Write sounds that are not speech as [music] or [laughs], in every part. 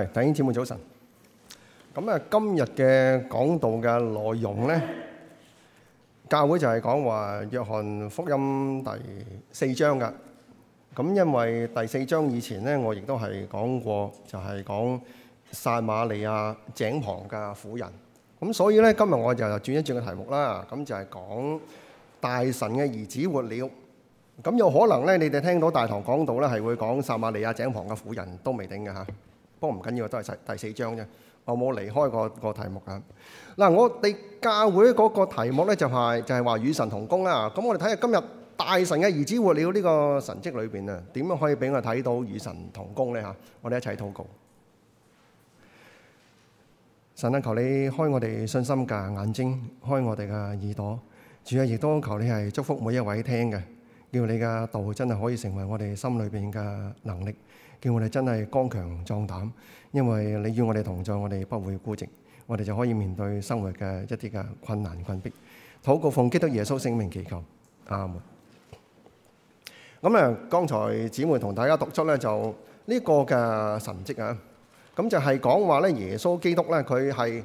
係，弟兄姊妹早晨。咁啊，今日嘅講道嘅內容咧，教會就係講話約翰福音第四章噶。咁因為第四章以前咧，我亦都係講過，就係講撒瑪利亞井旁嘅婦人。咁所以咧，今日我就轉一轉個題目啦。咁就係講大臣嘅兒子活了。咁有可能咧，你哋聽到大堂講道咧，係會講撒瑪利亞井旁嘅婦人都未定嘅吓。不過唔緊要，都係四第四章啫。我冇離開個個題目噶。嗱，我哋教會嗰個題目呢，就係就係話與神同工啦。咁我哋睇下今日大臣嘅兒子活了呢個神跡裏邊啊，點樣可以俾我睇到與神同工呢？吓，我哋一齊禱告。神啊，求你開我哋信心嘅眼睛，開我哋嘅耳朵。主啊，亦都求你係祝福每一位聽嘅，叫你嘅道真係可以成為我哋心裏邊嘅能力。叫我哋真係剛強壯膽，因為你與我哋同在，我哋不會孤寂，我哋就可以面對生活嘅一啲嘅困難困逼。禱告奉基督耶穌聖名祈求，阿門。咁啊，剛才姊妹同大家讀出咧，就呢個嘅神跡啊，咁就係講話咧，耶穌基督咧，佢係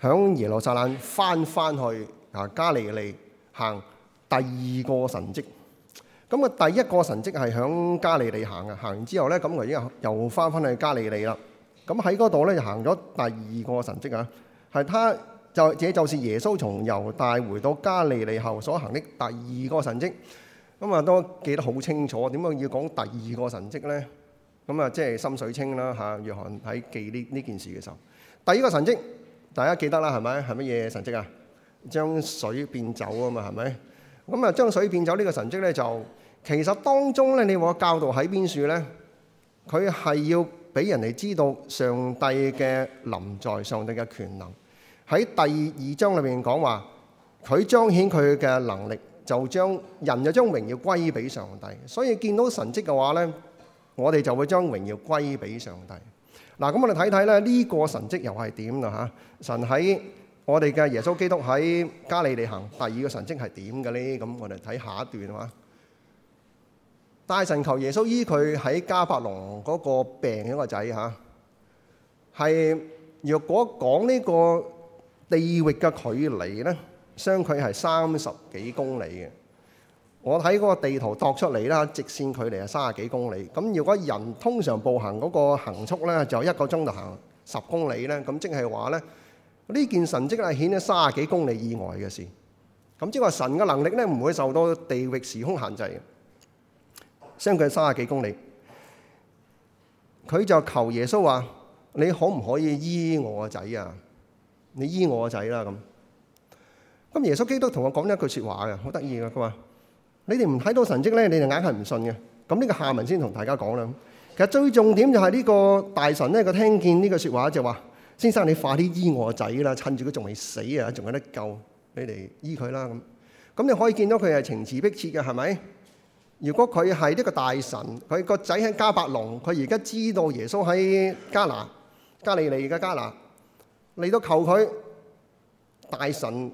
響耶路撒冷翻翻去啊加利利行第二個神跡。咁啊，第一個神跡係喺加利利行嘅，行完之後咧，咁佢又又翻翻去加利利啦。咁喺嗰度咧，就行咗第二個神跡啊。係他就，這就是耶穌從猶大回到加利利後所行的第二個神跡。咁啊，都記得好清楚。點解要講第二個神跡咧？咁啊，即係心水清啦嚇。約翰喺記呢呢件事嘅時候，第二個神跡大家記得啦，係咪？係乜嘢神跡啊？將水變酒啊嘛，係咪？咁啊，將水變酒呢個神蹟呢，就其實當中呢你話教導喺邊處呢？佢係要俾人哋知道上帝嘅臨在，上帝嘅權能。喺第二章裏面講話，佢彰顯佢嘅能力，就將人就將榮耀歸俾上帝。所以見到神蹟嘅話呢，我哋就會將榮耀歸俾上帝。嗱，咁我哋睇睇咧，呢個神蹟又係點㗎？嚇，神喺～我哋嘅耶穌基督喺加利利行，第二個神跡係點嘅咧？咁我哋睇下一段啊！哇，大臣求耶穌醫佢喺迦百農嗰個病嘅個仔嚇，係若果講呢個地域嘅距離咧，相距係三十幾公里嘅。我睇嗰個地圖度出嚟啦，直線距離係三十幾公里。咁如果人通常步行嗰個行速咧，就一個鐘就行十公里咧。咁即係話咧。呢件神跡係顯得三十幾公里以外嘅事，咁即係話神嘅能力咧，唔會受到地域時空限制嘅，相距三十幾公里，佢就求耶穌話，你可唔可以醫我個仔啊？你醫我個仔啦、啊、咁。咁耶穌基督同我講呢一句說話嘅，好得意嘅。佢話，你哋唔睇到神跡咧，你哋眼係唔信嘅。咁、這、呢個下文先同大家講啦。其實最重點就係呢個大神咧，佢聽見呢句說話就話。先生，你快啲醫我仔啦！趁住佢仲未死啊，仲有得救，你嚟醫佢啦咁。咁你可以見到佢係情辭逼切嘅，係咪？如果佢係一個大臣，佢個仔喺加百隆，佢而家知道耶穌喺加拿，加利利嘅加拿，嚟到求佢大臣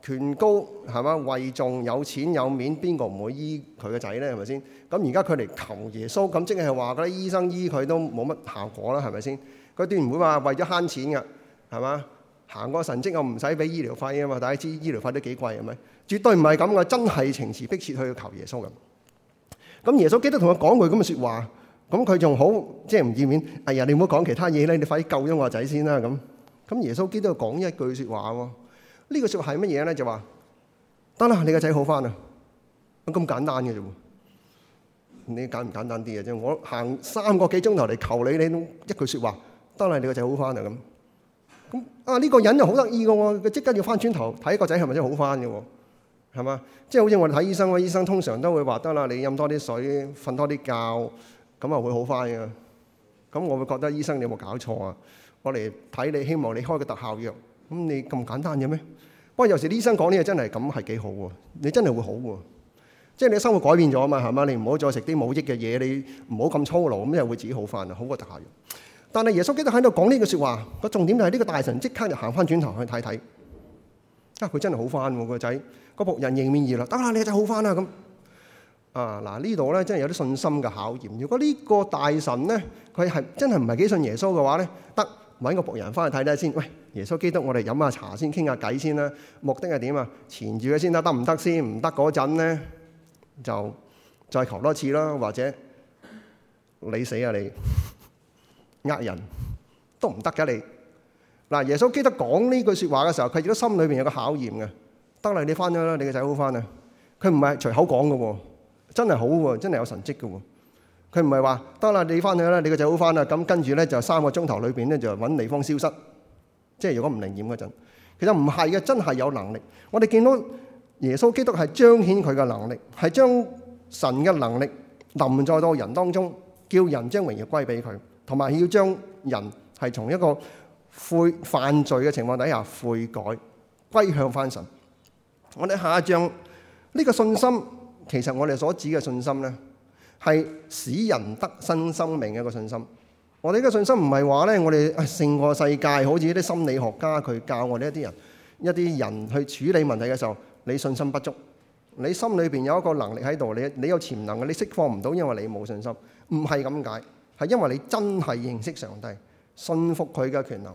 權高係嘛？位重有錢有面，邊個唔會醫佢個仔呢？係咪先？咁而家佢嚟求耶穌，咁即係話嗰啲醫生醫佢都冇乜效果啦，係咪先？佢絕對唔會話為咗慳錢嘅，係嘛？行個神蹟又唔使俾醫療費啊嘛！大家知醫療費都幾貴係咪？絕對唔係咁嘅，真係情詞迫切去求耶穌咁。咁耶穌基督同佢講句咁嘅説話，咁佢仲好即係唔要面。哎呀，你唔好講其他嘢咧，你快啲救咗我仔先啦咁。咁耶穌基督講一句説話喎，呢句説話係乜嘢咧？就話得啦，你個仔好翻啦，咁簡單嘅啫喎。你簡唔簡單啲啊啫？我行三個幾鐘頭嚟求你，你一句説話。得啦，你個仔好翻啦咁。咁啊，呢個人又好得意嘅喎，佢即刻要翻轉頭睇個仔係咪真係好翻嘅喎？係嘛？即係好似我哋睇醫生咯，醫生通常都會話：得啦，你飲多啲水，瞓多啲覺，咁啊會好翻嘅。咁我會覺得醫生你有冇搞錯啊？我嚟睇你，希望你開個特效藥。咁你咁簡單嘅咩？不過有時醫生講呢嘢真係咁係幾好喎，你真係會好喎。即係你生活改變咗啊嘛，係嘛？你唔好再食啲冇益嘅嘢，你唔好咁粗魯，咁你會自己好翻啊，好過特效藥。但係耶穌基督喺度講呢句說話，個重點就係呢個大臣即刻就行翻轉頭去睇睇，啊，佢真係好翻個仔，個僕人迎面而嚟啦，得啦，啊，你就好翻啦咁。啊，嗱呢度咧真係有啲信心嘅考驗。如果呢個大臣咧佢係真係唔係幾信耶穌嘅話咧，得，搵個僕人翻去睇睇先。喂，耶穌基督，我哋飲下茶先，傾下偈先啦。目的係點啊？纏住佢先啦，得唔得先？唔得嗰陣咧就再求多次啦，或者你死啊你！呃人都唔得嘅你嗱，耶穌基督講呢句說話嘅時候，佢亦都心裏邊有個考驗嘅，得啦，你翻去啦，你個仔好翻啦。佢唔係隨口講嘅，真係好嘅，真係有神蹟嘅。佢唔係話得啦，你翻去啦，你個仔好翻啦。咁跟住咧就三個鐘頭裏邊咧就揾地方消失，即係如果唔靈驗嗰陣。其實唔係嘅，真係有能力。我哋見到耶穌基督係彰顯佢嘅能力，係將神嘅能力臨在到人當中，叫人將榮耀歸俾佢。同埋要將人係從一個悔犯罪嘅情況底下悔改歸向翻神。我哋下一章呢個信心，其實我哋所指嘅信心呢，係使人得新生命嘅一個信心。我哋嘅信心唔係話呢，我哋成個世界好似啲心理學家佢教我哋一啲人一啲人去處理問題嘅時候，你信心不足，你心裏邊有一個能力喺度，你你有潛能嘅，你釋放唔到，因為你冇信心，唔係咁解。係因為你真係認識上帝，信服佢嘅權能。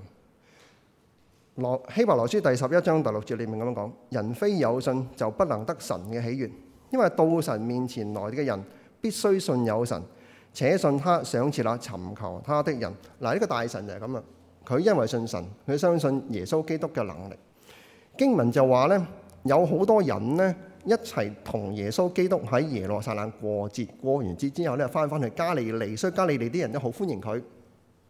希伯來書第十一章第六節裏面咁講：人非有信就不能得神嘅喜悅，因為到神面前來嘅人必須信有神，且信他上次立尋求他的人。嗱，呢、呢個大臣就係咁啊！佢因為信神，佢相信耶穌基督嘅能力。經文就話呢，有好多人呢。一齊同耶穌基督喺耶路撒冷過節，過完節之後咧翻翻去加利利，所以加利利啲人都好歡迎佢。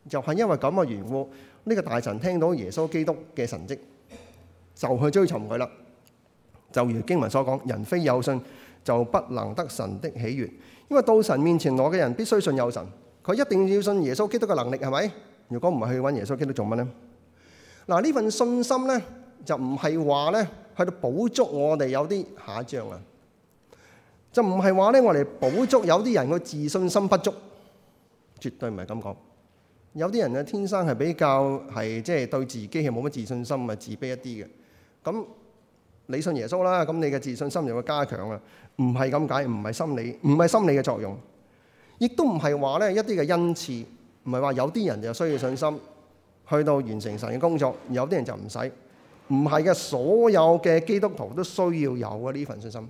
就係、是、因為咁嘅緣故，呢、這個大臣聽到耶穌基督嘅神蹟，就去追尋佢啦。就如經文所講，人非有信就不能得神的喜悅，因為到神面前來嘅人必須信有神，佢一定要信耶穌基督嘅能力係咪？如果唔係，去揾耶穌基督做乜呢？嗱，呢份信心呢，就唔係話呢。去到補足我哋有啲下降啊，就唔係話咧，我哋補足有啲人個自信心不足，絕對唔係咁講。有啲人嘅天生係比較係即係對自己係冇乜自信心，咪自卑一啲嘅。咁你信耶穌啦，咁你嘅自信心就會加強啊。唔係咁解，唔係心理，唔係心理嘅作用，亦都唔係話咧一啲嘅恩賜，唔係話有啲人就需要信心去到完成神嘅工作，有啲人就唔使。唔係嘅，所有嘅基督徒都需要有嘅呢份信心，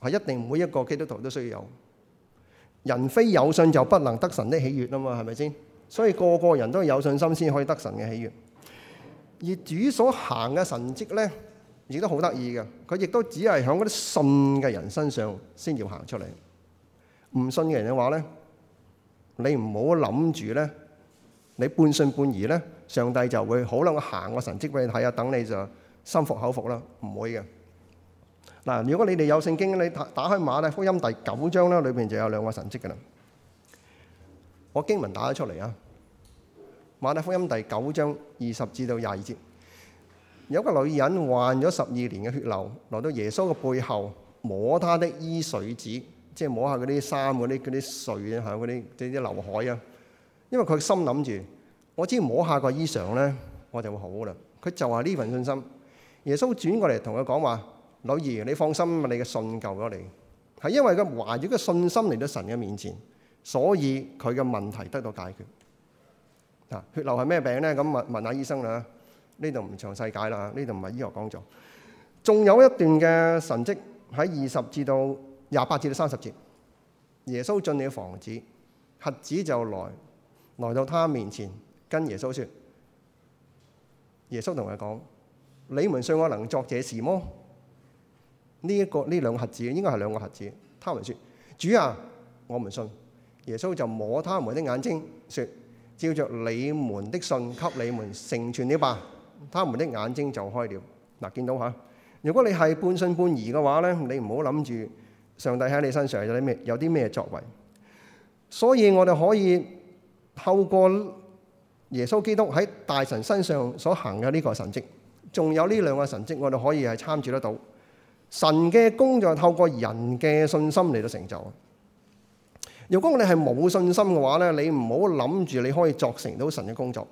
係一定每一個基督徒都需要有。人非有信就不能得神的喜悅啊嘛，係咪先？所以個個人都有信心先可以得神嘅喜悅。而主所行嘅神蹟咧，亦都好得意嘅。佢亦都只係響嗰啲信嘅人身上先要行出嚟。唔信嘅人嘅話咧，你唔好諗住咧，你半信半疑咧。上帝就會好啦，我行個神蹟俾你睇下，等你就心服口服啦，唔會嘅。嗱，如果你哋有聖經，你打開馬太福音第九章啦，裏邊就有兩個神蹟嘅啦。我經文打咗出嚟啊，馬太福音第九章二十至到廿二節，有個女人患咗十二年嘅血流，嚟到耶穌嘅背後摸他的衣繸子，即係摸下嗰啲衫嗰啲嗰啲碎啊嚇嗰啲，即係啲劉海啊，因為佢心諗住。我只要摸下個衣裳咧，我就會好噶啦。佢就係呢份信心。耶穌轉過嚟同佢講話：，女兒，你放心，你嘅信救咗你。係因為佢懷住個信心嚟到神嘅面前，所以佢嘅問題得到解決。啊，血流係咩病咧？咁問，問問下醫生啦。呢度唔詳細解啦，呢度唔係醫學講座。仲有一段嘅神蹟喺二十至到廿八至到三十節。耶穌進了房子，瞎子就來來到他面前。跟耶穌説，耶穌同佢講：你們信我能作這事麼？呢一個呢兩個核子應該係兩個核子。子」他們説：主啊，我們信。耶穌就摸他們的眼睛，説：照着你們的信，給你們成全了吧。他們的眼睛就開了。嗱，見到嚇。如果你係半信半疑嘅話咧，你唔好諗住上帝喺你身上有啲咩，有啲咩作為。所以我哋可以透過。耶穌基督喺大神身上所行嘅呢個神跡，仲有呢兩個神跡，我哋可以係參照得到神嘅工作透過人嘅信心嚟到成就。如果我哋係冇信心嘅話呢，你唔好諗住你可以作成到神嘅工作，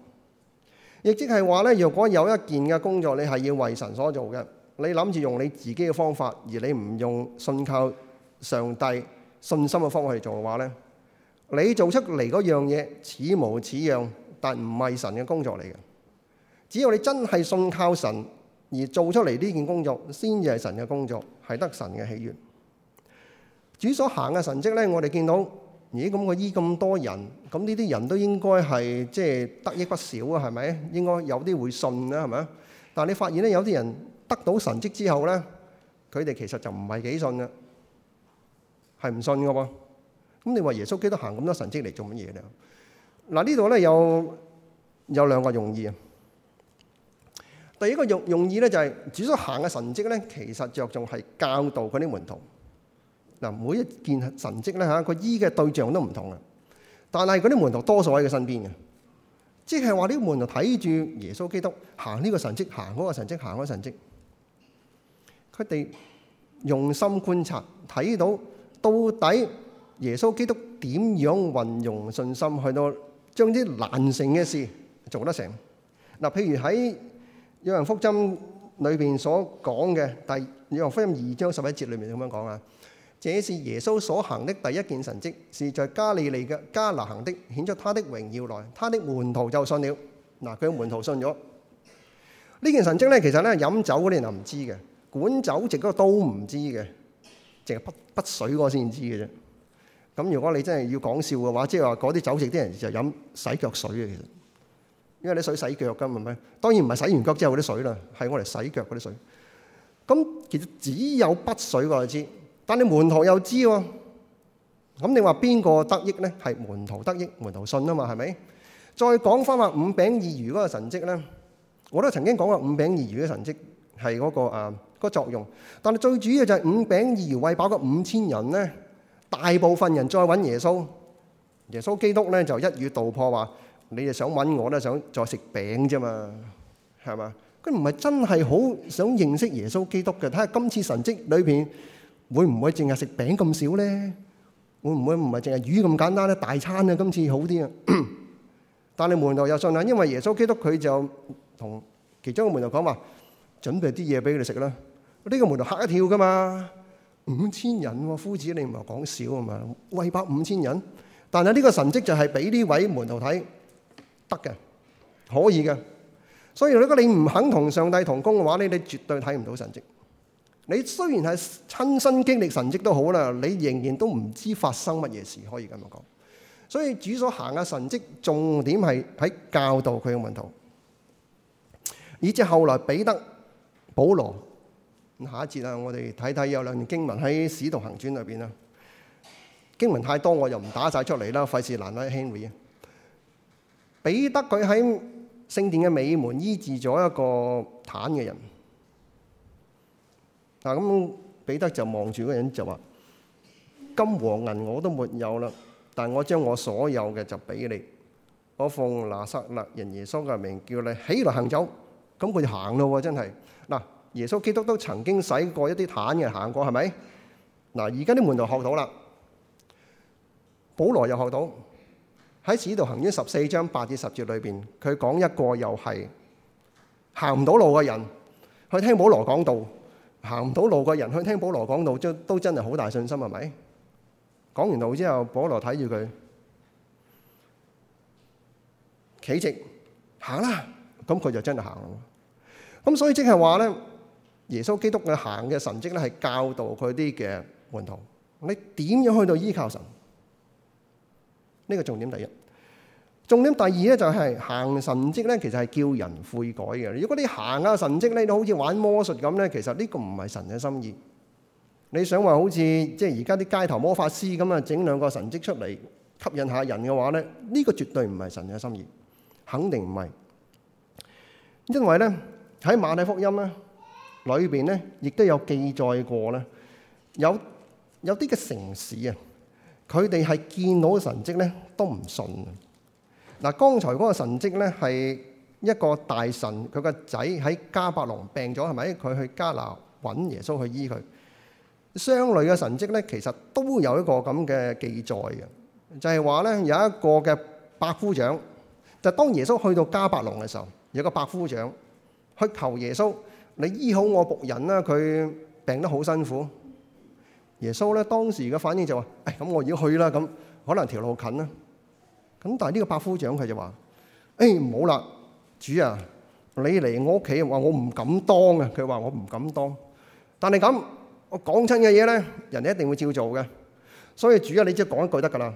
亦即係話呢，如果有一件嘅工作你係要為神所做嘅，你諗住用你自己嘅方法，而你唔用信靠上帝信心嘅方法去做嘅話呢，你做出嚟嗰樣嘢似模似樣。此但唔係神嘅工作嚟嘅，只要你真係信靠神而做出嚟呢件工作，先至係神嘅工作，係得神嘅喜悅。主所行嘅神迹咧，我哋見到，咦，咁個醫咁多人，咁呢啲人都應該係即係得益不少啊？係咪？應該有啲會信啦，係咪啊？但你發現咧，有啲人得到神蹟之後咧，佢哋其實就唔係幾信嘅，係唔信㗎喎。咁你話耶穌基督行咁多神蹟嚟做乜嘢咧？嗱，呢度咧有有兩個用意啊。第一個用用意咧就係主所行嘅神蹟咧，其實着重係教導佢啲門徒。嗱，每一件神蹟咧吓，個醫嘅對象都唔同啊。但係嗰啲門徒多數喺佢身邊嘅，即係話啲門徒睇住耶穌基督行呢個神蹟，行嗰個神蹟，行嗰個神蹟。佢哋用心觀察，睇到到底耶穌基督點樣運用信心去到將啲難成嘅事做得成。嗱，譬如喺《約翰福音裏面》裏邊所講嘅，第約翰福音二章十一節裏面咁樣講啊，這是耶穌所行的第一件神蹟，是在加利利嘅加拿行的，顯出他的榮耀來。他的門徒就信了。嗱，佢門徒信咗。呢件神蹟咧，其實咧飲酒嗰啲人就唔知嘅，管酒席嗰個都唔知嘅，淨係不不水嗰個先知嘅啫。咁如果你真係要講笑嘅話，即係話嗰啲酒席啲人就飲洗腳水嘅，其實因為你水洗腳㗎嘛，係咪？當然唔係洗完腳之後嗰啲水啦，係我嚟洗腳嗰啲水。咁其實只有不水我就知，但你門徒又知喎。咁你話邊個得益咧？係門徒得益，門徒信啊嘛，係咪？再講翻話五餅二魚嗰個神跡咧，我都曾經講過五餅二魚嘅神跡係嗰個啊個作用，但係最主要就係五餅二魚餵飽個五千人咧。大部分人再揾耶穌，耶穌基督咧就一語道破話：你哋想揾我咧，想再食餅啫嘛，係嘛？佢唔係真係好想認識耶穌基督嘅。睇下今次神蹟裏邊會唔會淨係食餅咁少咧？會唔會唔係淨係魚咁簡單咧？大餐啊，今次好啲啊！但係門徒又信啦，因為耶穌基督佢就同其中個門徒講話：準備啲嘢俾佢哋食啦。呢個門徒嚇一跳㗎嘛。五千人、啊，夫子你唔係講笑啊嘛，餵飽五千人，但係呢個神蹟就係俾呢位門徒睇得嘅，可以嘅。所以如果你唔肯同上帝同工嘅話咧，你絕對睇唔到神蹟。你雖然係親身經歷神蹟都好啦，你仍然都唔知道發生乜嘢事，可以咁樣講。所以主所行嘅神蹟重點係喺教導佢嘅門徒，以至後來彼得、保羅。下一節啦，我哋睇睇有兩段經文喺《使徒行傳》裏邊啦。經文太多，我又唔打曬出嚟啦，費事難為 Henry 啊！彼得佢喺聖殿嘅美門醫治咗一個癱嘅人。嗱咁，彼得就望住嗰人就話：金和銀我都沒有啦，但我將我所有嘅就俾你。我奉拿撒勒人耶穌嘅名叫你起來行走。咁佢就行咯喎，真係嗱。耶穌基督都曾經使過一啲癱嘅行過，係咪？嗱，而家啲門徒學到啦，保羅又學到，喺使徒行傳十四章八至十節裏邊，佢講一個又係行唔到路嘅人去聽保羅講道，行唔到路嘅人去聽保羅講道，將都真係好大信心係咪？講完路之後，保羅睇住佢企直行啦，咁佢就真係行咯。咁所以即係話咧。耶穌基督佢行嘅神跡咧，係教導佢啲嘅門徒，你點樣去到依靠神？呢個重點第一，重點第二咧就係行的神跡咧，其實係叫人悔改嘅。如果你行下神跡咧，你好似玩魔術咁咧，其實呢個唔係神嘅心意。你想話好似即係而家啲街頭魔法師咁啊，整兩個神跡出嚟吸引下人嘅話咧，呢個絕對唔係神嘅心意，肯定唔係。因為咧喺馬太福音咧。裏邊咧，亦都有記載過咧。有有啲嘅城市啊，佢哋係見到嘅神跡咧，都唔信嗱。剛才嗰個神跡咧，係一個大臣佢個仔喺迦百農病咗，係咪？佢去迦拿揾耶穌去醫佢。相類嘅神跡咧，其實都有一個咁嘅記載嘅，就係話咧有一個嘅百夫長，就是、當耶穌去到迦百農嘅時候，有個百夫長去求耶穌。你醫好我僕人啦，佢病得好辛苦。耶穌咧當時嘅反應就話：，哎，咁我要去啦，咁可能條路近啦。咁但係呢個百夫長佢就話：，哎，唔好啦，主啊，你嚟我屋企，話我唔敢當啊。佢話我唔敢當，但係咁我講親嘅嘢咧，人哋一定會照做嘅。所以主啊，你即係講一句得噶啦。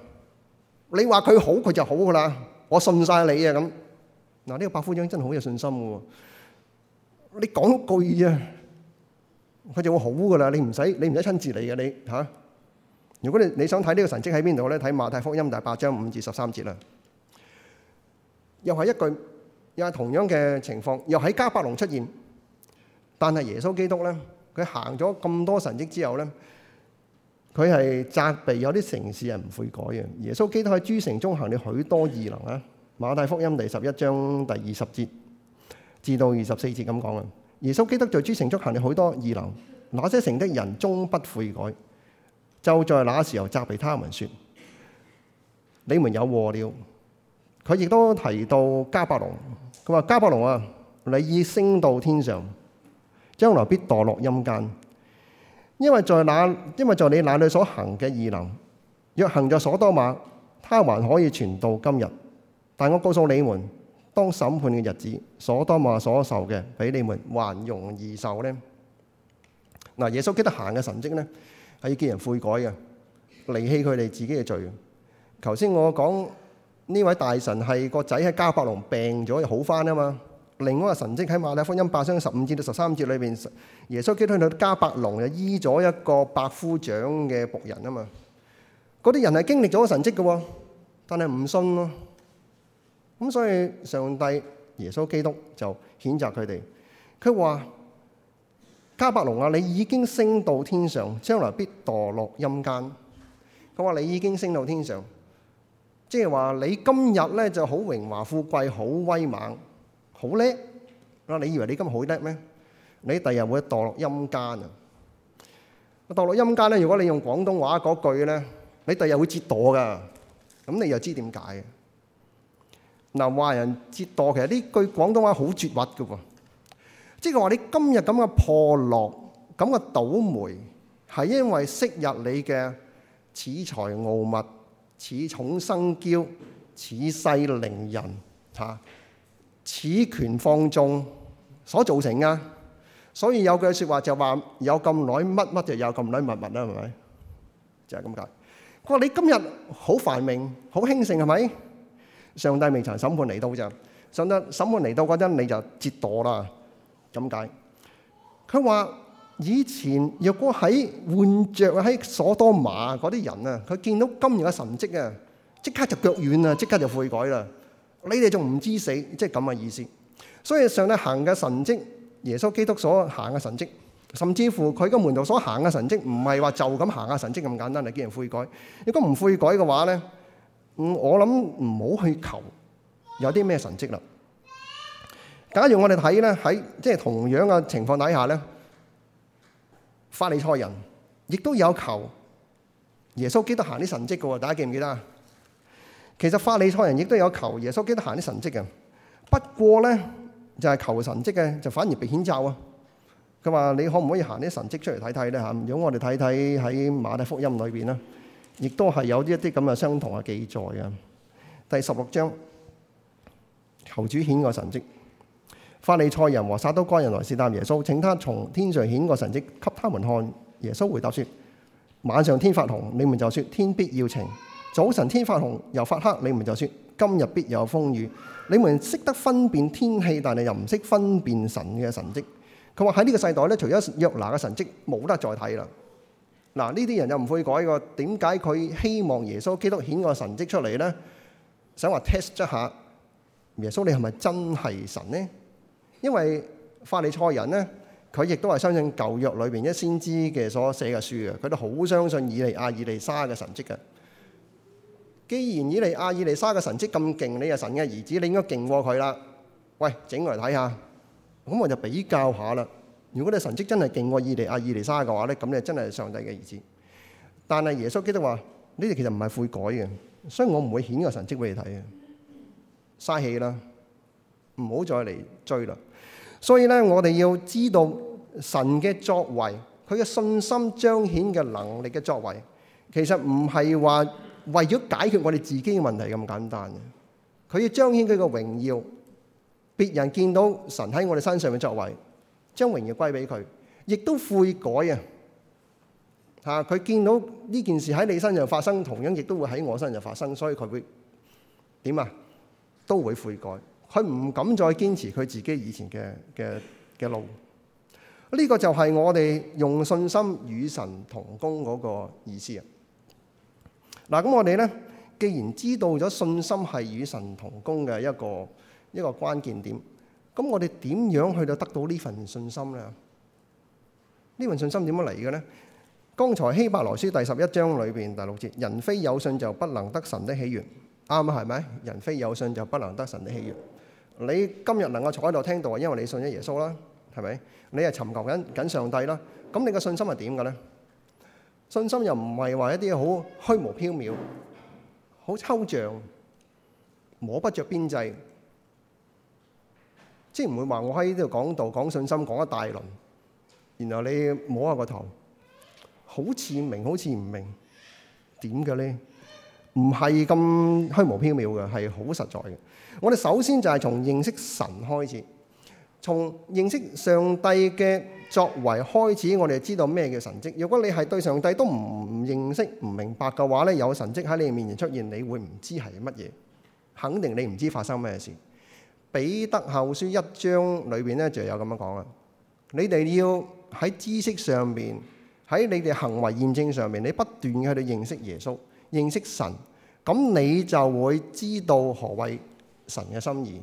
你話佢好，佢就好噶啦。我信晒你啊，咁嗱呢個百夫長真係好有信心嘅。你講句啊，佢就會好噶啦。你唔使，你唔使親自嚟嘅。你吓，如果你你想睇呢個神蹟喺邊度咧，睇馬太福音第八章五至十三節啦。又係一句，又係同樣嘅情況，又喺迦百農出現，但係耶穌基督咧，佢行咗咁多神蹟之後咧，佢係責備有啲城市係唔悔改嘅。耶穌基督喺諸城中行了許多異能啊。馬太福音第十一章第二十節。至到二十四節咁講啊。耶穌基督在諸城中行了好多異能，那些城的人終不悔改。就在那時候責備他們説：你們有禍了。佢亦都提到迦百農，佢話迦百農啊，你已升到天上，將來必墜落陰間，因為在那因為在你那裏所行嘅異能，若行在所多瑪，他還可以存到今日，但我告訴你們。.當審判嘅日子所當受所受嘅，比你們還容易受呢。嗱，耶穌基督行嘅神蹟咧，係要人悔改嘅，離棄佢哋自己嘅罪。頭先我講呢位大臣係個仔喺加伯隆病咗又好翻啊嘛。另外個神蹟喺馬太福音八章十五至到十三節裏邊，耶穌基督去到加伯隆就醫咗一個百夫長嘅僕人啊嘛。嗰啲人係經歷咗神蹟嘅，但係唔信咯。咁所以上帝耶穌基督就譴責佢哋，佢話迦百農啊，你已經升到天上，將來必墮落陰間。佢話你已經升到天上，即係話你今日咧就好榮華富貴，好威猛，好叻啊！你以為你今日好叻咩？你第日會墮落陰間啊！墮落陰間咧，如果你用廣東話嗰句咧，你第日會折墮噶。咁你又知點解？嗱，壞人折墮，其實呢句廣東話好絕核嘅喎，即係話你今日咁嘅破落、咁嘅倒楣，係因為昔日你嘅恃才傲物、恃寵生驕、恃勢凌人嚇、恃權放縱所造成啊！所以有句説話就話：有咁耐乜乜就有咁耐物物啦，係咪？就係咁解。佢話你今日好繁榮、好興盛係咪？上帝未曾審判嚟到就，上帝審判嚟到嗰陣你就折墮啦。咁解？佢話以前若果喺換著喺所多瑪嗰啲人啊，佢見到今日嘅神蹟啊，即刻就腳軟啦，即刻就悔改啦。你哋仲唔知死？即係咁嘅意思。所以上帝行嘅神蹟，耶穌基督所行嘅神蹟，甚至乎佢嘅門徒所行嘅神蹟，唔係話就咁行嘅神蹟咁簡單，嚟既然悔改。如果唔悔改嘅話咧？嗯，我諗唔好去求有啲咩神蹟啦。假如我哋睇咧喺，即係同樣嘅情況底下咧，法利賽人亦都有求耶穌基督行啲神蹟嘅，大家記唔記得啊？其實法利賽人亦都有求耶穌基督行啲神蹟嘅，不過咧就係、是、求神蹟嘅就反而被譴責啊！佢話你可唔可以行啲神蹟出嚟睇睇咧吓？如果我哋睇睇喺馬太福音裏邊啦。亦都係有一啲咁嘅相同嘅記載啊！第十六章，求主顯個神蹟。法利賽人和撒都該人來試探耶穌，請他從天上顯個神蹟給他們看。耶穌回答說：晚上天發紅，你們就說天必要晴；早晨天發紅又發黑，你們就說今日必有風雨。你們識得分辨天氣，但係又唔識分辨神嘅神蹟。佢話喺呢個世代咧，除咗約拿嘅神蹟，冇得再睇啦。嗱，呢啲人又唔會改過，點解佢希望耶穌基督顯個神跡出嚟呢？想話 test 一下耶穌，你係咪真係神呢？因為法利賽人呢，佢亦都係相信舊約裏邊一先知嘅所寫嘅書嘅，佢都好相信以利亞、以利沙嘅神跡嘅。既然以利亞、以利沙嘅神跡咁勁，你係神嘅兒子，你應該勁過佢啦。喂，整嚟睇下，咁我就比較下啦。如果你神跡真係勁過以利亞、以利沙嘅話咧，咁你真係上帝嘅兒子。但係耶穌基督話呢啲其實唔係悔改嘅，所以我唔會顯個神跡俾你睇嘅，嘥氣啦，唔好再嚟追啦。所以咧，我哋要知道神嘅作為，佢嘅信心彰顯嘅能力嘅作為，其實唔係話為咗解決我哋自己嘅問題咁簡單嘅。佢要彰顯佢嘅榮耀，別人見到神喺我哋身上嘅作為將榮耀歸俾佢，亦都悔改啊！嚇，佢見到呢件事喺你身上發生，同樣亦都會喺我身上發生，所以佢會點啊？都會悔改，佢唔敢再堅持佢自己以前嘅嘅嘅路。呢個就係我哋用信心與神同工嗰個意思啊！嗱，咁我哋咧，既然知道咗信心係與神同工嘅一個一個關鍵點。咁我哋點樣去到得到呢份信心呢？呢份信心點樣嚟嘅呢？剛才希伯來書第十一章裏邊第六節：人非有信就不能得神的喜悅，啱啊，係咪？人非有信就不能得神的喜悅。你今日能夠坐喺度聽到，因為你信咗耶穌啦，係咪？你係尋求緊緊上帝啦。咁你嘅信心係點嘅呢？信心又唔係話一啲好虛無縹緲、好抽象、摸不著邊際。即係唔會話我喺呢度講道講信心講一大輪，然後你摸下個頭，好似明好似唔明點嘅咧？唔係咁虛無縹緲嘅，係好實在嘅。我哋首先就係從認識神開始，從認識上帝嘅作為開始，我哋就知道咩叫神蹟。如果你係對上帝都唔認識唔明白嘅話咧，有神蹟喺你面前出現，你會唔知係乜嘢？肯定你唔知發生咩事。彼得後書一章裏邊咧，就有咁樣講啦。你哋要喺知識上面，喺你哋行為驗證上面，你不斷去到認識耶穌、認識神，咁你就會知道何謂神嘅心意。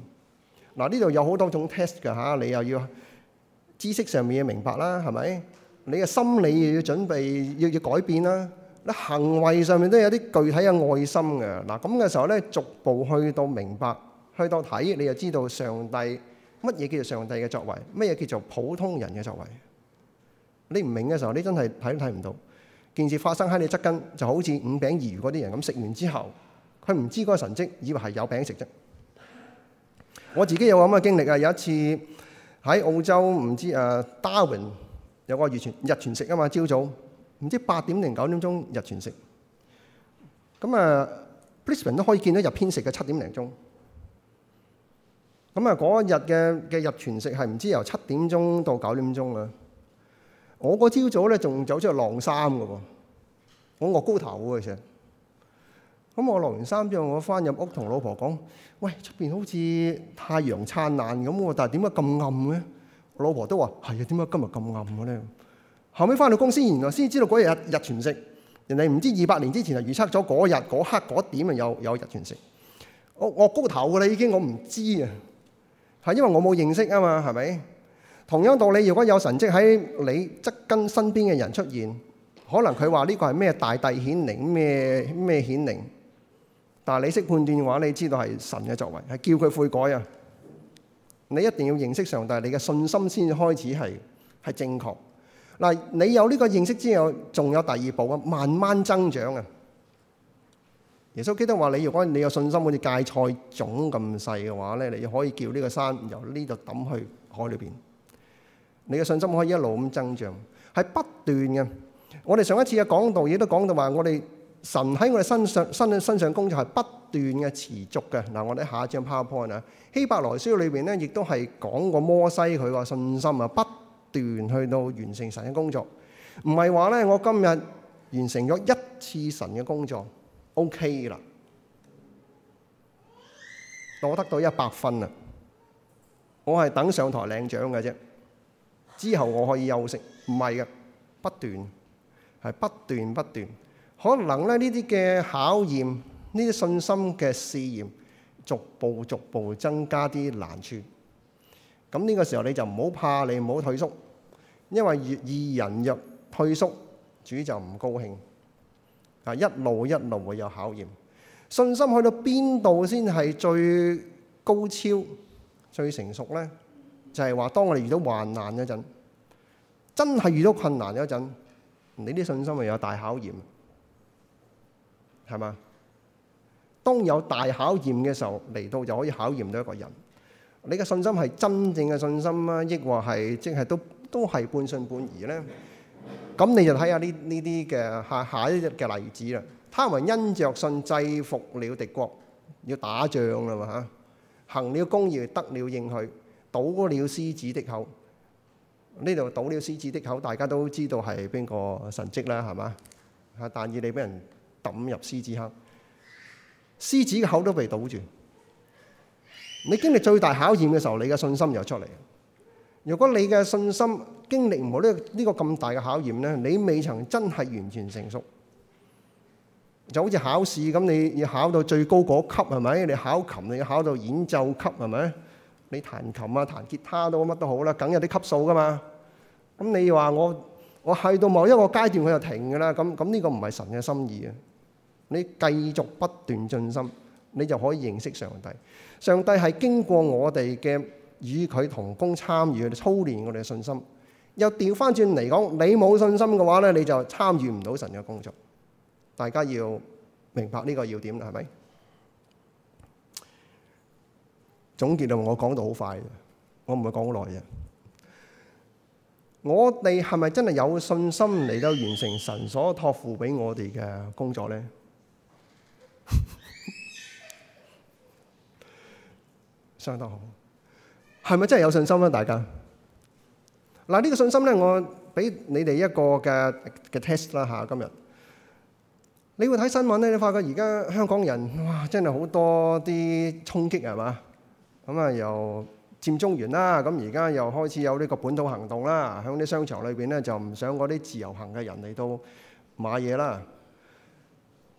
嗱，呢度有好多種 test 㗎嚇，你又要知識上面要明白啦，係咪？你嘅心理又要準備，要要改變啦。你行為上面都有啲具體嘅愛心嘅。嗱，咁嘅時候咧，逐步去到明白。去到睇，你就知道上帝，乜嘢叫做上帝嘅作為，乜嘢叫做普通人嘅作為。你唔明嘅時候，你真係睇都睇唔到。件事發生喺你側跟，就好似五餅二魚嗰啲人咁，食完之後佢唔知嗰個神跡，以為係有餅食啫。我自己有咁嘅經歷啊！有一次喺澳洲，唔知、啊、Darwin 有個日全日全食啊嘛，朝早唔知八點零九點鐘日全食，咁啊 Brisbane 都可以見到日偏食嘅，七點零鐘。咁啊，嗰一日嘅嘅日全食係唔知由七點鐘到九點鐘啊！我個朝早咧仲走出去晾衫噶喎，我惡高頭喎其實。咁我晾完衫之後，我翻入屋同老婆講，喂，出邊好似太陽燦爛咁喎，但係點解咁暗咧？我老婆都話，係啊，點解今日咁暗嘅咧？後尾翻到公司原來先知道嗰日日全食，人哋唔知二百年之前就預測咗嗰日嗰刻嗰點啊有有日全食我。我惡高頭噶啦已經，我唔知啊！係因為我冇認識啊嘛，係咪？同樣道理，如果有神跡喺你側跟身邊嘅人出現，可能佢話呢個係咩大帝顯靈，咩咩顯靈，但係你識判斷嘅話，你知道係神嘅作為係叫佢悔改啊。你一定要認識上帝，你嘅信心先開始係係正確嗱。你有呢個認識之後，仲有第二步啊，慢慢增長啊。耶穌基督話：你如果你有信心，好似芥菜種咁細嘅話咧，你可以叫呢個山由呢度抌去海裏邊。你嘅信心可以一路咁增長，係不斷嘅。我哋上一次嘅講道亦都講到話，我哋神喺我哋身上身身上工作係不斷嘅持續嘅。嗱，我哋下一張 PowerPoint 啊，《希伯來書》裏邊咧，亦都係講過摩西佢話信心啊，不斷去到完成神嘅工作，唔係話咧我今日完成咗一次神嘅工作，O.K. 啦，我得到一百分啦，我係等上台領獎嘅啫。之後我可以休息，唔係嘅，不斷係不斷不斷。可能咧呢啲嘅考驗，呢啲信心嘅試驗，逐步逐步增加啲難處。咁呢個時候你就唔好怕，你唔好退縮，因為義人若退縮，主就唔高興。啊，一路一路會有考驗，信心去到邊度先係最高超、最成熟呢？就係話，當我哋遇到患難嗰陣，真係遇到困難嗰陣，你啲信心咪有大考驗？係嘛？當有大考驗嘅時候嚟到，就可以考驗到一個人，你嘅信心係真正嘅信心啊，抑或係即係都都係半信半疑呢？咁你就睇下呢呢啲嘅下下一日嘅例子啦。他們因着信制服了敵國，要打仗啦嘛嚇。行了公義，得了應許，堵了獅子的口。呢度堵了獅子的口，大家都知道係邊個神蹟啦，係嘛？阿但以理俾人抌入獅子坑，獅子嘅口都被堵住。你經歷最大考驗嘅時候，你嘅信心又出嚟。如果你嘅信心、經歷唔好呢？呢個咁大嘅考驗呢，你未曾真係完全成熟，就好似考試咁，你你要考到最高嗰級係咪？你考琴，你要考到演奏級係咪？你彈琴啊、彈吉他都乜都好啦，梗有啲級數噶嘛。咁你話我我係到某一個階段佢就停㗎啦？咁咁呢個唔係神嘅心意啊！你繼續不斷進心，你就可以認識上帝。上帝係經過我哋嘅。與佢同工參與，操練我哋嘅信心。又調翻轉嚟講，你冇信心嘅話咧，你就參與唔到神嘅工作。大家要明白呢個要點啦，係咪？總結到？我講到好快，我唔會講好耐嘅。我哋係咪真係有信心嚟到完成神所託付俾我哋嘅工作咧？ [laughs] 相當好。係咪真係有信心咧？大家。嗱，呢個信心咧，我俾你哋一個嘅嘅 test 啦嚇。今日你會睇新聞咧，你發覺而家香港人哇，真係好多啲衝擊係嘛？咁啊，又佔中完啦，咁而家又開始有呢個本土行動啦，響啲商場裏邊咧就唔想嗰啲自由行嘅人嚟到買嘢啦。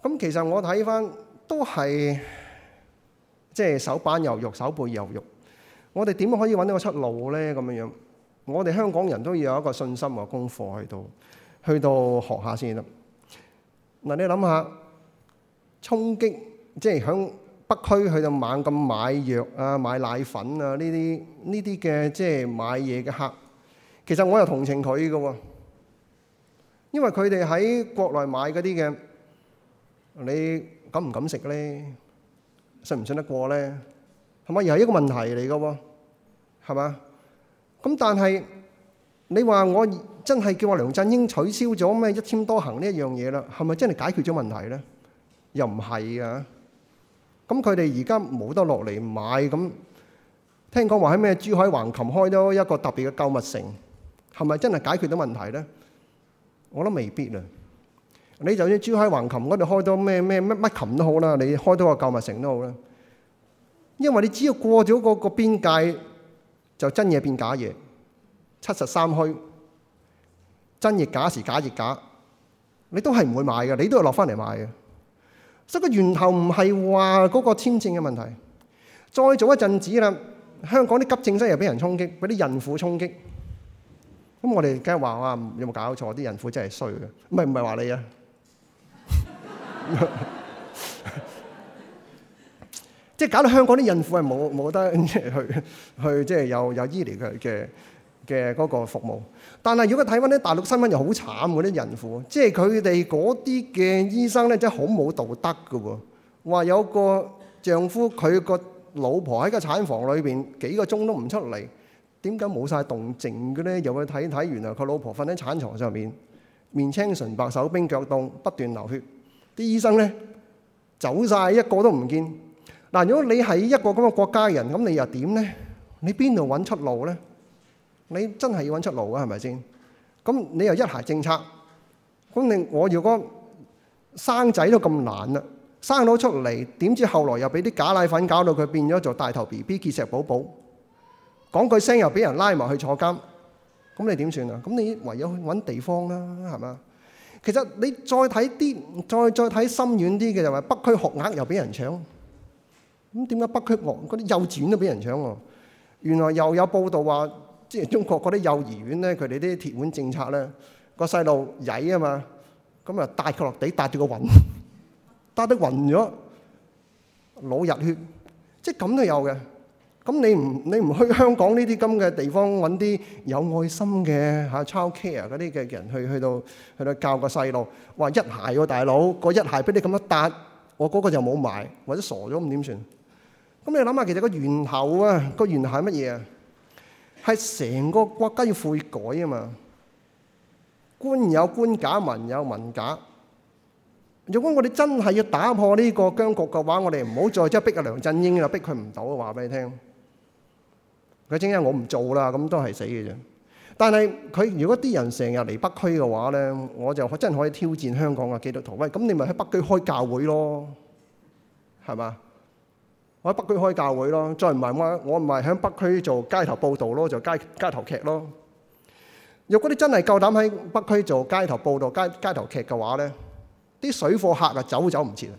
咁其實我睇翻都係即係手板又肉，手背又肉。我哋點可以揾到個出路咧？咁樣樣，我哋香港人都要有一個信心和功課喺度，去到學下先得。嗱，你諗下，衝擊即係響北區去到猛咁買藥啊、買奶粉啊呢啲呢啲嘅即係買嘢嘅客，其實我又同情佢嘅喎，因為佢哋喺國內買嗰啲嘅，你敢唔敢食咧？信唔信得過咧？係咪又係一個問題嚟嘅喎？係嘛？咁但係你話我真係叫我梁振英取消咗咩一簽多行呢一樣嘢啦？係咪真係解決咗問題呢？又唔係啊！咁佢哋而家冇得落嚟買咁，聽講話喺咩珠海橫琴開多一個特別嘅購物城，係咪真係解決到問題呢？我都未必啊！你就算珠海橫琴嗰度開多咩咩乜乜琴都好啦，你開多個購物城都好啦。因為你只要過咗嗰個邊界，就真嘢變假嘢，七十三虛，真亦假時，時假亦假，你都係唔會買嘅，你都係落翻嚟買嘅，所以個源頭唔係話嗰個簽證嘅問題。再做一陣子啦，香港啲急症室又俾人衝擊，俾啲孕婦衝擊，咁我哋梗係話哇，有冇搞錯？啲孕婦真係衰嘅，唔係唔係話你啊。即係搞到香港啲孕婦係冇冇得去去，即係有有醫療嘅嘅嘅嗰個服務。但係如果睇翻啲大陸新聞是很的，又好慘嗰啲孕婦，即係佢哋嗰啲嘅醫生咧，真係好冇道德㗎喎。話有個丈夫，佢個老婆喺個產房裏邊幾個鐘都唔出嚟，點解冇晒動靜嘅咧？又去睇睇，原來佢老婆瞓喺產床上面，面青唇白，手冰腳凍，不斷流血。啲醫生咧走晒一個都唔見。嗱，如果你喺一個咁嘅國家人，咁你又點咧？你邊度揾出路咧？你真係要揾出路啊，係咪先？咁你又一孩政策咁你我如果生仔都咁難啦，生到出嚟點知後來又俾啲假奶粉搞到佢變咗做大頭 B B 結石寶寶，講句聲又俾人拉埋去坐監，咁你點算啊？咁你唯有去揾地方啦，係嘛？其實你再睇啲，再再睇深遠啲嘅，就話、是、北區學額又俾人搶。咁點解北區我嗰啲幼稚園都俾人搶喎？原來又有報道話，即係中國嗰啲幼兒園咧，佢哋啲鐵腕政策咧，個細路曳啊嘛，咁啊大腳落地搭住個雲，搭得暈咗，腦入血，即係咁都有嘅。咁你唔你唔去香港呢啲咁嘅地方揾啲有愛心嘅嚇 child care 嗰啲嘅人去去到去到教個細路，話一鞋喎大佬，個一鞋俾你咁樣搭，我嗰個就冇埋，或者傻咗咁點算？咁你諗下，其實個源頭啊，個源頭係乜嘢啊？係成個國家要悔改啊嘛。官有官假，民有民假。如果我哋真係要打破呢個僵局嘅話，我哋唔好再即係逼阿梁振英啦，逼佢唔到啊！話俾你聽，佢整日我唔做啦，咁都係死嘅啫。但係佢如果啲人成日嚟北區嘅話咧，我就真係可以挑戰香港嘅基督徒喂，咁你咪喺北區開教會咯，係嘛？我喺北區開教會咯，再唔係，我我唔係喺北區做街頭報道咯，做街街頭劇咯。如果你真係夠膽喺北區做街頭報道、街街頭劇嘅話呢，啲水貨客啊走都走唔切啊！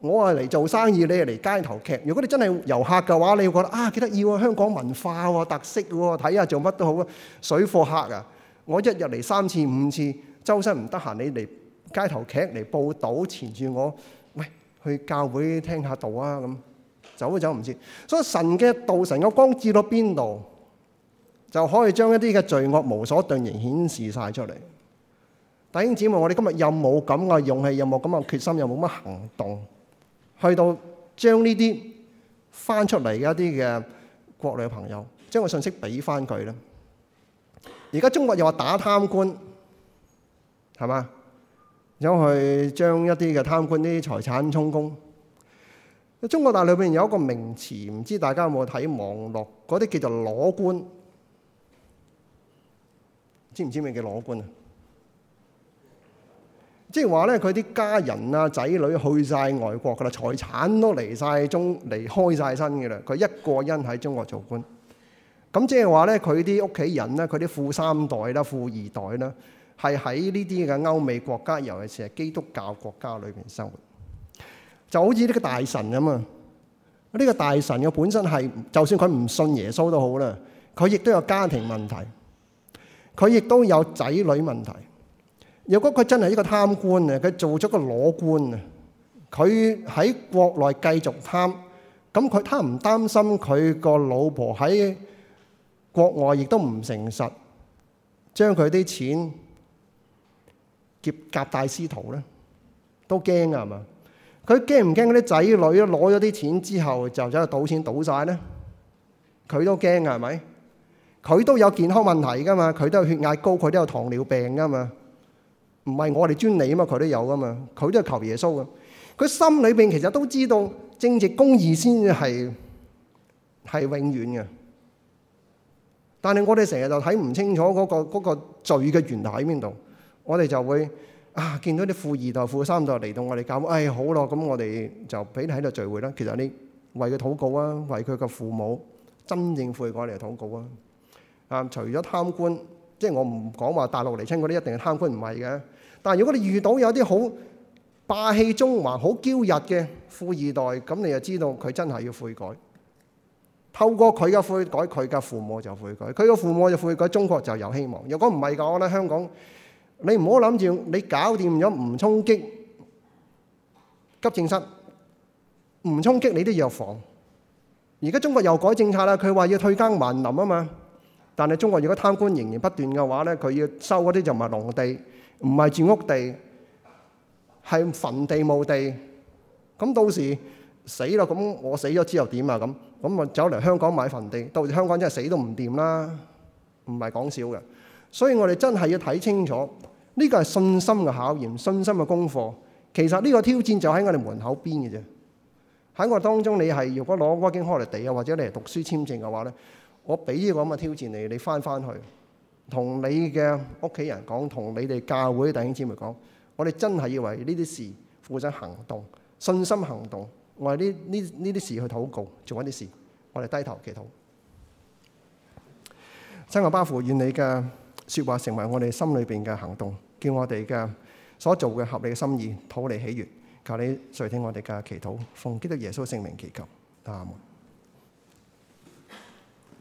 我係嚟做生意，你係嚟街頭劇。如果你真係遊客嘅話，你會覺得啊幾得意喎，香港文化喎，特色喎，睇下做乜都好啊！水貨客啊，我一日嚟三次五次，周身唔得閒，你嚟街頭劇嚟報道纏住我。去教會聽下道啊，咁，走都走唔切。所以神嘅道、神嘅光照到邊度，就可以將一啲嘅罪惡無所遁形，顯示晒出嚟。弟兄姊妹，我哋今日有冇咁嘅勇氣，有冇咁嘅決心，有冇乜行動，去到將呢啲翻出嚟嘅一啲嘅國內嘅朋友，將個信息，俾翻佢咧。而家中國又話打貪官，係嘛？走去將一啲嘅貪官啲財產充公。中國大陸入邊有一個名詞，唔知大家有冇睇網絡嗰啲叫做裸官，知唔知咩叫裸官啊？即係話咧，佢啲家人啊、仔女去晒外國噶啦，財產都離晒中、離開曬身嘅啦，佢一個人喺中國做官。咁即係話咧，佢啲屋企人咧，佢啲富三代啦、富二代啦。係喺呢啲嘅歐美國家，尤其是係基督教國家裏面生活，就好似呢個大臣咁啊！呢個大臣嘅本身係，就算佢唔信耶穌都好啦，佢亦都有家庭問題，佢亦都有仔女問題。如果佢真係一個貪官啊，佢做咗個裸官啊，佢喺國內繼續貪，咁佢貪唔擔心佢個老婆喺國外亦都唔誠實，將佢啲錢。劫甲大司徒咧，都驚啊，係嘛？佢驚唔驚？啲仔女攞咗啲錢之後就賭錢賭，就走去賭錢賭晒咧？佢都驚啊，係咪？佢都有健康問題㗎嘛？佢都有血壓高，佢都有糖尿病㗎嘛？唔係我哋專利啊嘛，佢都有㗎嘛？佢都係求耶穌㗎。佢心裏面其實都知道，正直公義先係永遠嘅。但係我哋成日就睇唔清楚嗰、嗰個嗰個罪嘅源頭喺邊度。我哋就會啊，見到啲富二代、富三代嚟到我哋教，誒、哎、好咯，咁我哋就俾你喺度聚會啦。其實你為佢禱告啊，為佢嘅父母真正悔改嚟禱告啊。啊、嗯，除咗貪官，即係我唔講話大陸嚟親嗰啲一定係貪官唔係嘅。但係如果你遇到有啲好霸氣、中華好驕日嘅富二代，咁你就知道佢真係要悔改。透過佢嘅悔改，佢嘅父母就悔改，佢嘅父，父母就悔改，中國就有希望。若果唔係嘅話，我覺得香港。你唔好諗住，你搞掂咗唔衝擊急症室，唔衝擊你啲藥房。而家中國又改政策啦，佢話要退耕還林啊嘛。但係中國如果貪官仍然不斷嘅話咧，佢要收嗰啲就唔係農地，唔係住屋地，係墳地墓地。咁到時死啦，咁我死咗之後點啊？咁咁我走嚟香港買墳地，到時香港真係死都唔掂啦，唔係講笑嘅。所以我哋真係要睇清楚，呢、這個係信心嘅考驗、信心嘅功課。其實呢個挑戰就喺我哋門口邊嘅啫。喺我當中你是，你係如果攞 working holiday 啊，或者你係讀書簽證嘅話咧，我俾呢個咁嘅挑戰你，你翻翻去，同你嘅屋企人講，同你哋教會弟兄姊妹講，我哋真係要為呢啲事負責行動，信心行動，為呢呢呢啲事去禱告，做嗰啲事，我哋低頭祈禱。親阿爸父願你嘅。說話成為我哋心裏邊嘅行動，叫我哋嘅所做嘅合理的心意，討你喜悅，求你垂聽我哋嘅祈禱，奉基督耶穌聖名祈求，阿門。